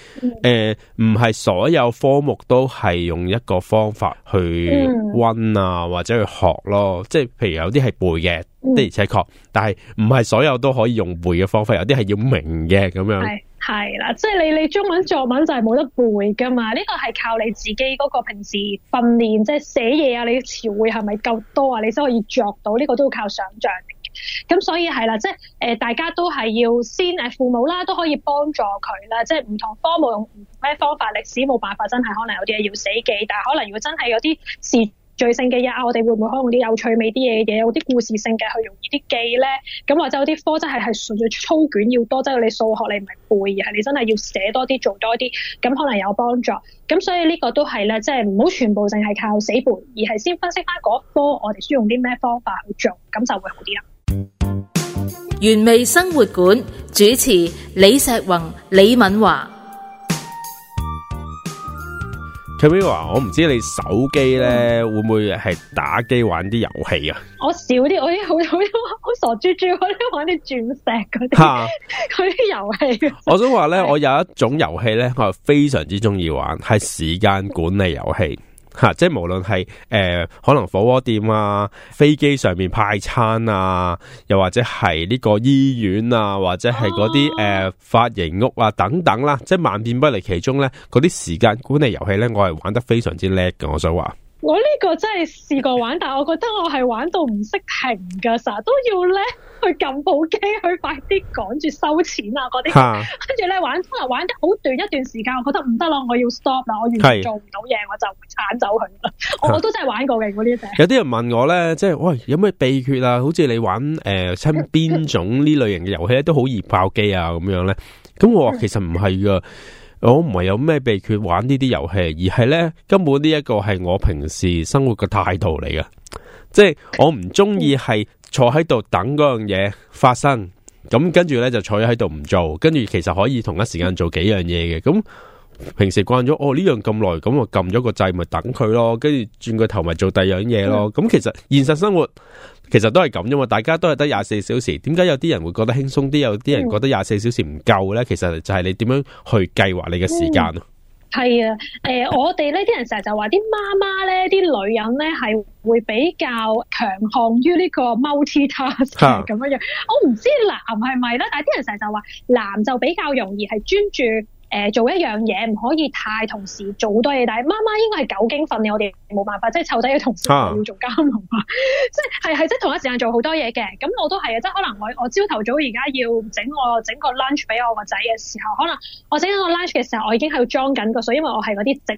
S2: 誒，唔係所有科目都係用一個方法去溫啊，或者去學咯。即係譬如有啲係背嘅，的而且確，但係唔係所有都可以用背嘅方法，有啲係要明嘅咁樣。
S1: 係啦，即係你你中文作文就係冇得背㗎嘛，呢、這個係靠你自己嗰個平時訓練，即係寫嘢啊，你嘅詞彙係咪夠多啊？你先可以作到，呢、這個都要靠想像嚟嘅。咁所以係啦，即係誒、呃，大家都係要先誒，父母啦都可以幫助佢啦，即係唔同科目，用咩方法。歷史冇辦法，真係可能有啲嘢要死記，但係可能如果真係有啲事。具性嘅嘢啊，我哋會唔會可以用啲有趣味啲嘢嘅嘢，有啲故事性嘅，去容易啲記咧。咁或者有啲科真係係純粹操卷要多，即係你數學你唔係背，而係你真係要寫多啲，做多啲，咁可能有幫助。咁所以呢個都係咧，即係唔好全部淨係靠死背，而係先分析翻嗰科，我哋需要用啲咩方法去做，咁就會好啲啦。原味生活館主持李碩宏、李敏華。
S2: 佢 a m 話我唔知你手機咧會唔會係打機玩啲遊戲
S1: 啊？我少啲，我已經好，好，好，好，好傻豬豬，我都玩啲鑽石嗰啲，嗰啲遊戲。 (laughs) 遊戲
S2: 我想話咧，是 我有一種遊戲咧，我係非常之中意玩，係時間管理遊戲。吓、啊，即係無論係誒可能火鍋店啊、飛機上面派餐啊，又或者係呢個醫院啊，或者係嗰啲誒髮型屋啊等等啦，即係萬變不離其宗咧，嗰啲時間管理遊戲咧，我係玩得非常之叻嘅，我想話。
S1: 我呢個真係試過玩，但係我覺得我係玩到唔識停噶，成日都要叻。去撳部機，去快啲趕住收錢啊！嗰啲，跟住咧玩，可能玩得好短一段時間，我覺得唔得啦，我要 stop 啦，我完全做唔到嘢，是我就鏟走佢啦。我都真係玩過嘅嗰啲。
S2: 有啲人問我咧，即係喂，有咩秘訣啊？好似你玩誒、親、呃、邊種呢類型嘅遊戲咧，都好易爆機啊，咁樣咧。咁我話其實唔係噶，我唔係有咩秘訣玩呢啲遊戲，而係咧根本呢一個係我平時生活嘅態度嚟嘅。即係我唔中意係。坐喺度等嗰樣嘢發生，咁跟住呢就坐喺度唔做，跟住其實可以同一時間做幾樣嘢嘅。咁平時慣咗哦呢樣咁耐，咁我撳咗個掣咪等佢咯，跟住轉個頭咪做第二樣嘢咯。咁其實現實生活其實都係咁啫嘛，大家都係得廿四小時。點解有啲人會覺得輕鬆啲，有啲人覺得廿四小時唔夠呢？其實就係你點樣去計劃你嘅時間。
S1: 係啊，誒、呃，我哋呢啲人成日就話啲媽媽咧，啲女人咧係會比較強項於呢個 multi task，係咁樣樣。 (laughs) 我唔知男係咪咧，但係啲人成日就話男就比較容易係專注。誒，做一樣嘢唔可以太同時做好多嘢，但係媽媽應該係久經訓練我哋冇辦法，即係湊仔要同時、啊、要做家務啊，即係係即係同一時間做好多嘢嘅。咁我都係啊，即係可能我我朝頭早而家要整我整個 lunch 俾我個仔嘅時候，可能我整緊個 lunch 嘅時候，我已經係裝緊個水，因為我係嗰啲直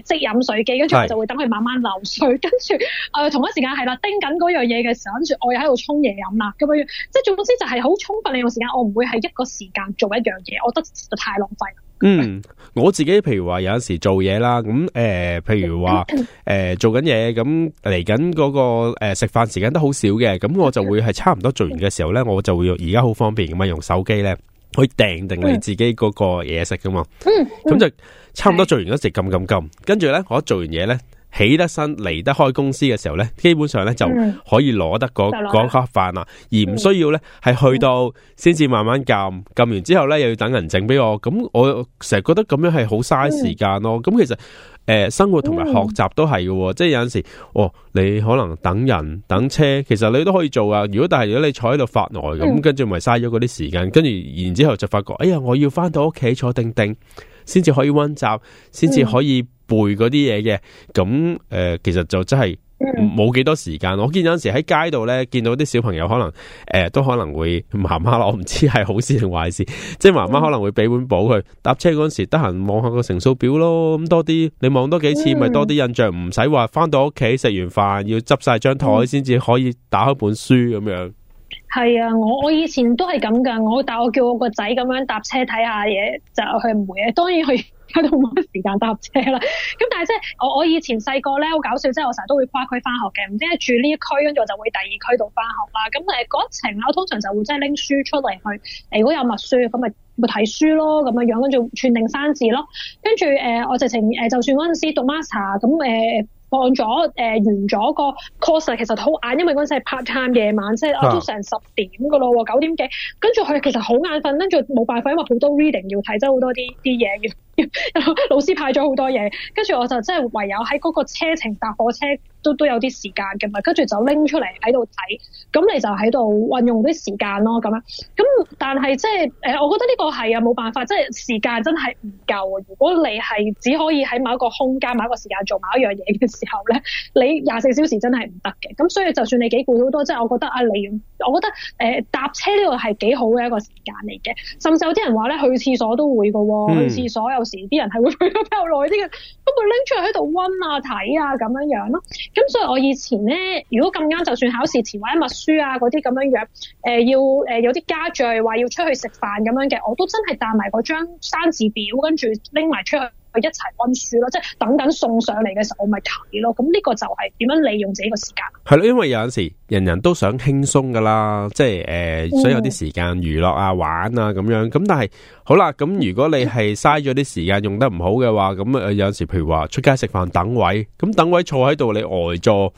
S1: 誒誒即飲水機，跟住我就會等佢慢慢流水，跟住誒同一時間係啦，叮緊嗰樣嘢嘅時候，跟住我又喺度沖嘢飲啦，咁樣即係總之就係好充分利用時間。我唔會係一個時間做一樣嘢，我覺得太浪費。
S2: 嗯，我自己譬如話有陣時做嘢啦，咁、呃、誒，譬如話誒、呃、做緊嘢，咁嚟緊嗰個誒、呃、食飯時間都好少嘅，咁我就會係差唔多做完嘅時候咧，我就會用而家好方便噶嘛，用手機咧去訂定你自己嗰個嘢食噶嘛，咁就差唔多做完一直撳撳撳，跟住咧我做完嘢咧，起得身，離得開公司嘅時候呢，基本上呢就可以攞得嗰盒飯啦，而唔需要呢，係去到先至慢慢撳撳完之後呢又要等人整俾我，咁我成日覺得咁樣係好嘥時間咯。咁其實誒、呃、生活同埋學習都係嘅喎，嗯、即係有陣時哦，你可能等人等車，其實你都可以做啊。如果但係如果你坐喺度發呆咁，跟住咪嘥咗嗰啲時間，跟住然之後就發覺，哎呀，我要翻到屋企坐定定。先至可以溫習，先至可以背嗰啲嘢嘅。咁誒、呃，其實就真係冇幾多時間。我見有陣時喺街度咧，見到啲小朋友可能誒、呃，都可能會媽媽，我唔知係好事定壞事。即係媽媽可能會俾本簿佢搭車嗰陣時，得閒望下個乘數表咯。咁多啲，你望多幾次，咪多啲印象。唔使話翻到屋企食完飯要執晒張台，先至可以打開本書咁樣。
S1: 係啊，我我以前都係咁噶，我但我叫我個仔咁樣搭車睇下嘢就去唔會嘅，當然佢喺度冇乜時間搭車啦。咁但係即係我我以前細個咧好搞笑，即係我成日都會跨區翻學嘅，唔知係住呢一區，跟住我就會第二區、那個、度翻學啦。咁誒嗰程我通常就會即係拎書出嚟去，誒如果有密書咁咪會睇書咯，咁樣樣跟住串定生字咯。跟住誒我直情誒就算嗰陣時讀 master 咁誒。呃放咗誒完咗個 course 其實好晏，因為嗰陣時係 part time 夜晚，即係我、啊啊、都成十點嘅咯喎，九點幾，跟住佢其實好眼瞓，跟住冇辦法，因為好多 reading 要睇，真係好多啲啲嘢嘅。 (laughs) 老師派咗好多嘢，跟住我就真係唯有喺嗰個車程搭火車，都都有啲時間嘅嘛，跟住就拎出嚟喺度睇，咁你就喺度運用啲時間咯，咁樣咁但係即係誒，我覺得呢個係啊，冇辦法，即係時間真係唔夠。如果你係只可以喺某一個空間、某一個時間做某一樣嘢嘅時候咧，你廿四小時真係唔得嘅。咁所以就算你幾攰、好多，即係我覺得啊，你。我覺得誒搭、呃、車呢個係幾好嘅一個時間嚟嘅，甚至有啲人話咧去廁所都會嘅、哦，嗯、去廁所有時啲人係會去得比較耐啲嘅，不過拎出去喺度溫啊睇啊咁樣樣、啊、咯。咁所以我以前咧，如果咁啱就算考試前或者默書啊嗰啲咁樣樣、啊，誒、呃、要誒、呃、有啲家聚話要出去食飯咁樣嘅，我都真係帶埋嗰張生字表，跟住拎埋出去。我一齊溫書咯，即係等緊送上嚟嘅時候，我咪睇咯。咁呢個就係點樣利用自己嘅時
S2: 間？係咯，因為有陣時人人都想輕鬆噶啦，即係誒，想有啲時間娛樂啊、玩啊咁樣。咁但係好啦，咁如果你係嘥咗啲時間用得唔好嘅話，咁啊有陣時譬如話出街食飯等位，咁等位坐喺度你呆坐。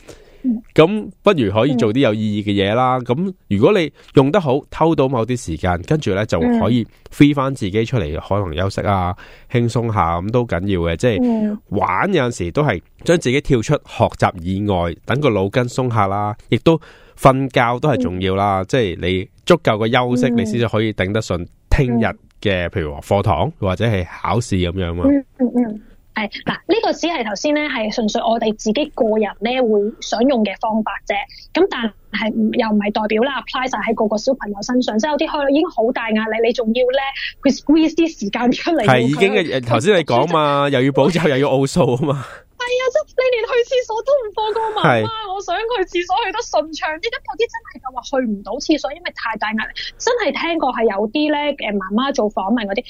S2: 咁不如可以做啲有意義嘅嘢啦。咁如果你用得好，偷到某啲時間，跟住呢就可以 free 翻自己出嚟，可能休息啊，輕鬆下，咁都緊要嘅。即係、嗯、玩有陣時都係將自己跳出學習以外，等個腦筋鬆下啦。亦都瞓覺都係重要啦。嗯、即係你足夠嘅休息，嗯、你先至可以頂得順聽日嘅，譬、嗯、如話課堂或者係考試咁樣啊。嗯嗯嗯
S1: 係嗱，呢個只係頭先咧，係純粹我哋自己個人咧會想用嘅方法啫。咁但係又唔係代表啦，apply 晒喺個個小朋友身上，即係有啲可能已經好大壓力，你仲要咧佢 squeeze 啲時間出嚟。係已經嘅，頭先他你講嘛，
S2: 就又要補習又要奧數啊嘛。
S1: 係啊的，即係 (laughs) 你連去廁所都唔放過媽媽，的我想去廁所去得順暢啲。你咁有啲真係就話去唔到廁所，因為太大壓力。真係聽過係有啲咧，誒媽媽做訪問嗰啲。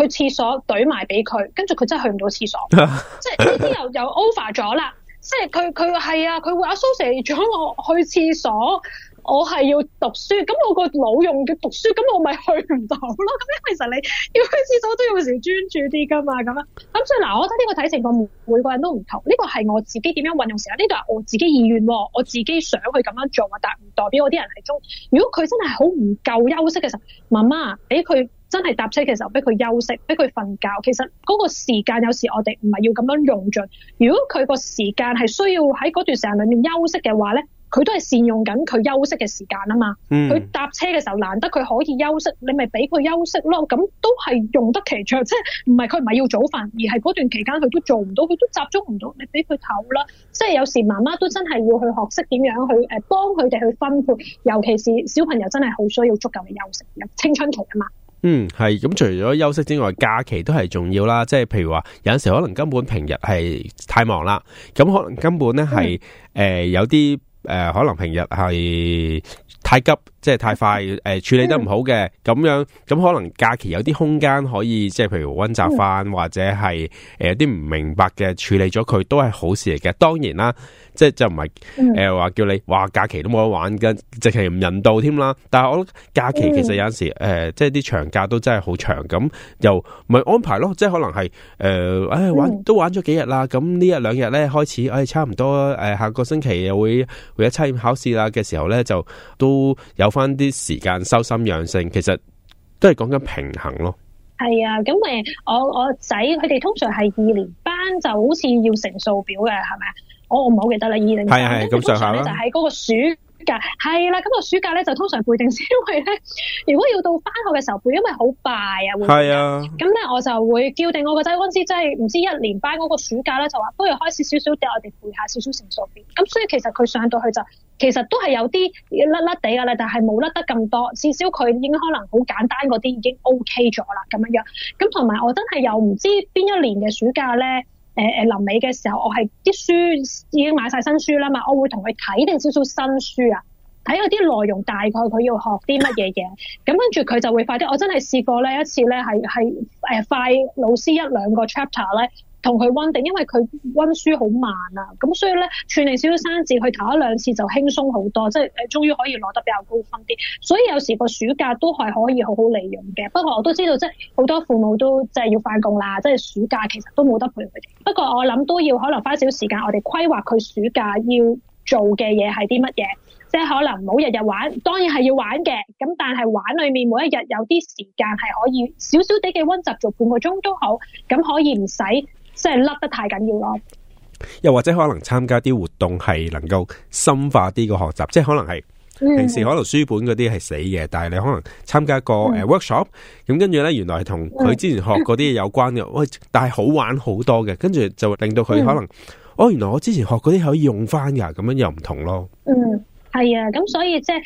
S1: 去廁所懟埋俾佢，跟住佢真係去唔到廁所，即係呢啲又又 over 咗啦。即係佢佢係啊，佢會阿蘇 Sir 我去廁所，我係要讀書，咁我個腦用嘅讀書，咁我咪去唔到咯。咁因為其實你要去廁所都要有時專注啲噶嘛，咁樣咁、嗯、所以嗱，我覺得呢個睇情況，每個人都唔同。呢個係我自己點樣運用時間，呢度係我自己意願，我自己想去咁樣做啊，但唔代表我啲人係中。如果佢真係好唔夠休息嘅時候，媽媽俾佢。真係搭車嘅時候，俾佢休息，俾佢瞓覺。其實嗰個時間有時我哋唔係要咁樣用盡。如果佢個時間係需要喺嗰段時間裏面休息嘅話咧，佢都係善用緊佢休息嘅時間啊嘛。佢搭、嗯、車嘅時候難得佢可以休息，你咪俾佢休息咯。咁都係用得其長，即係唔係佢唔係要早瞓，而係嗰段期間佢都做唔到，佢都集中唔到，你俾佢唞啦。即係有時媽媽都真係要去學識點樣去誒幫佢哋去分配，尤其是小朋友真係好需要足夠嘅休息，青春期啊嘛。
S2: 嗯，係咁，除咗休息之外，假期都係重要啦。即係譬如話，有陣時可能，可能根本平日係太忙啦，咁可能根本咧係誒有啲誒、呃，可能平日係。太急即係太快，誒、呃、處理得唔好嘅咁樣，咁可能假期有啲空間可以即係譬如溫習翻，嗯、或者係誒啲唔明白嘅處理咗佢都係好事嚟嘅。當然啦，即係就唔係誒話叫你話假期都冇得玩嘅，直情唔人道添啦。但係我假期其實有陣時誒、嗯呃、即係啲長假都真係好長，咁，又咪安排咯，即係可能係誒誒玩都玩咗幾日啦。咁呢一兩日咧開始，誒、哎、差唔多誒、哎、下個星期又會會有測驗考試啦嘅時候咧，就都。有翻啲時間修心養性，其實都係講緊平衡咯。
S1: 係啊，咁誒，我我仔佢哋通常係二年班，就好似要乘數表嘅，係咪？我我唔好記得啦，二年係啊係咁、啊、上下啦。就喺嗰個數。噶係啦，咁個暑假咧就通常背定先，因為咧如果要到翻學嘅時候背，因為好快啊，會係啊，咁咧我就會叫定我個仔，嗰陣真即係唔知一年班嗰個暑假咧就話不如開始少少，叫我哋背下少少成熟啲。咁所以其實佢上到去就其實都係有啲甩甩地噶啦，但係冇甩得咁多，至少佢已經可能好簡單嗰啲已經 OK 咗啦，咁樣樣。咁同埋我真係又唔知邊一年嘅暑假咧。誒誒，臨尾嘅時候，我係啲書已經買晒新書啦嘛，我會同佢睇定少少新書啊，睇下啲內容大概佢要學啲乜嘢嘢，咁跟住佢就會快啲。我真係試過咧一次咧，係係誒快老師一兩個 chapter 咧。同佢溫定，因為佢溫書好慢啊，咁所以咧串嚟少少生字，佢唞一兩次就輕鬆好多，即係誒終於可以攞得比較高分啲。所以有時個暑假都係可以好好利用嘅。不過我都知道，即係好多父母都即係要返工啦，即係暑假其實都冇得陪佢。不過我諗都要可能花少時間，我哋規劃佢暑假要做嘅嘢係啲乜嘢，即係可能唔好日日玩。當然係要玩嘅，咁但係玩裡面每一日有啲時間係可以少少啲嘅溫習，做半個鐘都好，咁可以唔使。即係甩得太緊要咯，
S2: 又或者可能參加啲活動係能夠深化啲個學習，即係可能係、嗯、平時可能書本嗰啲係死嘅，但係你可能參加個誒 workshop，咁跟住呢，原來係同佢之前學嗰啲有關嘅，喂，但係好玩好多嘅，跟住就令到佢可能，嗯、哦，原來我之前學嗰啲可以用翻噶，咁樣又唔同咯。嗯，
S1: 係啊，咁所以即係誒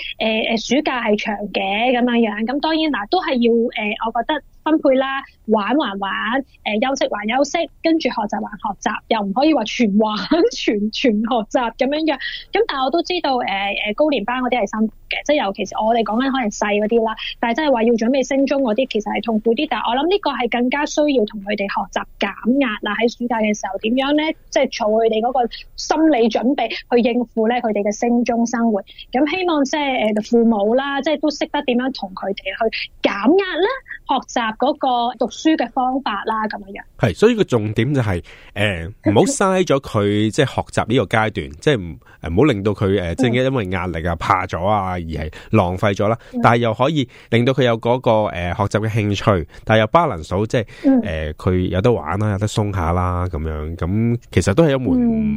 S1: 誒，暑假係長嘅咁樣樣，咁當然嗱都係要誒、呃，我覺得。分配啦，玩還玩，玩，誒、呃、休息還休息，跟住學習還學習，又唔可以話全玩全全學習，咁樣樣，咁但係我都知道，誒、呃、誒高年班嗰啲係生嘅，即係尤其是我哋講緊可能細嗰啲啦，但係真係話要準備升中嗰啲，其實係痛苦啲。但係我諗呢個係更加需要同佢哋學習減壓啊，喺暑假嘅時候點樣咧，即係做佢哋嗰個心理準備去應付咧佢哋嘅升中生活。咁、嗯、希望即係誒父母啦，即係都識得點樣同佢哋去減壓啦，學習。嗰
S2: 個讀書嘅方法啦，咁樣樣係，所以個重點就係、是，誒、呃，唔好嘥咗佢即係學習呢個階段，即係唔誒，唔好令到佢誒，正因因為壓力啊怕咗啊，而係浪費咗啦，嗯、但係又可以令到佢有嗰、那個誒、呃、學習嘅興趣，但又平衡數，即係誒，佢、呃、有得玩啦，有得鬆下啦，咁樣咁，其實都係一門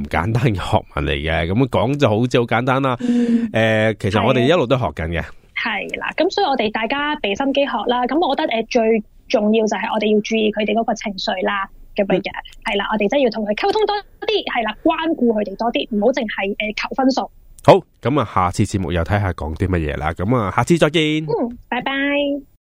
S2: 唔簡單嘅學問嚟嘅。咁講、嗯、就好似好簡單啦，誒、呃，其實我哋一路都學緊嘅。
S1: 係啦，咁所以我哋大家俾心機學啦，咁我覺得誒、呃、最重要就係我哋要注意佢哋嗰個情緒啦咁樣嘅，係啦、嗯，我哋真係要同佢溝通多啲，係啦，關顧佢哋多啲，唔好淨係誒求分數。
S2: 好，咁、嗯、啊，下次節目又睇下講啲乜嘢啦，咁、嗯、啊，下次再見。嗯，
S1: 拜拜。